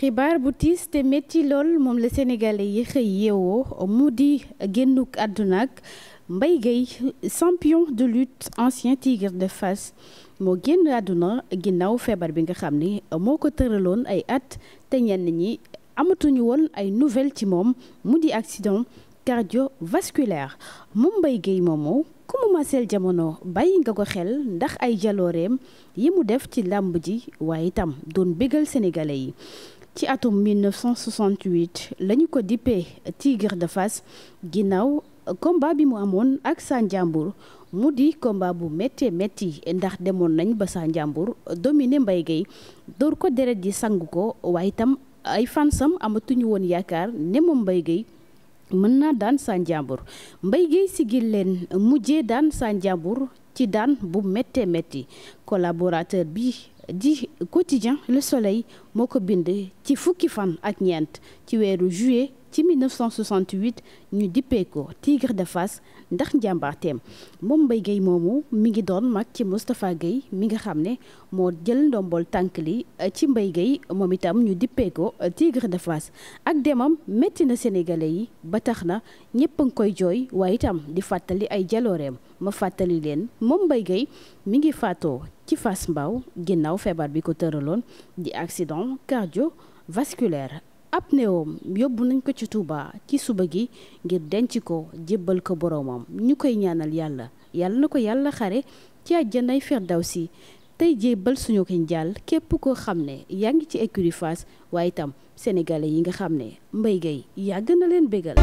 xibaar bu tiis te métti lool moom la sénégalais yi xëy yeewoo mu di génnuk àdduna ak Mbaye Guèye champion de lutte ancien tigre de Fass moo génn àdduna ginnaaw feebar bi nga xam ni moo ko tëraloon ay at te ñenn ñi amatuñu woon ay nouvelles ci moom mu di accident cardiovasculaire moom mbay Guèye moomu ku mu maseel jamono bàyyi nga ko xel ndax ay jalooreem yi mu def ci làmb ji waaye itam doon bégal sénégalais yi ci atum 1968 lañu ko dippee Tigre de Fass ginnaaw combat bi mu amoon ak Sa Ndiambour mu di combat bu méttee métti ndax demoon nañ ba Sa Ndiambour dominé Mbaye Guèye dóor ko deret ji sangu ko waaye itam ay fansam amatuñu woon yaakaar ne moom Mbaye Guèye mën naa daan Sa Ndiambour Mbaye Guèye sigil leen mujjee daan Sa Ndiambour ci daan bu méttee métti collaborateur bi di quotidien Le Soleil moo ko bindee ci fukki fan ak ñeent ci weeru juillet ci 1968 ñu dippee ko Tigre de Fass ndax njàmbaarteem moom Mbaye Guèye moomu mi ngi doon mag ci Moustapha Guèye mi nga xam ne moo jël ndombol tànk li euh, ci Mbaye Guèye moom itam ñu dippee ko euh, Tigre de Fass ak demam métti na sénégalais yi ba tax na ñëpp a ngi koy jooy waaye itam di fàttali ay jalooreem ma fàttali leen moom mbay Guèye mi ngi faatoo ci fas Mbao ginnaaw feebar bi ko tëraloon di accident vasculaire ab néewam yóbbu nañ ko ci tuuba ci suba gi ngir denc ko jébbal ko boroomam ñu koy ñaanal yàlla yàlla na ko yàlla xare ci àjjanay si tey jébbal suñu ko jàll képp koo xam ne yaa ngi ci écurie Fass waaye itam sénégalais yi nga xam ne Mbaye Gueye yàgg na leen bégal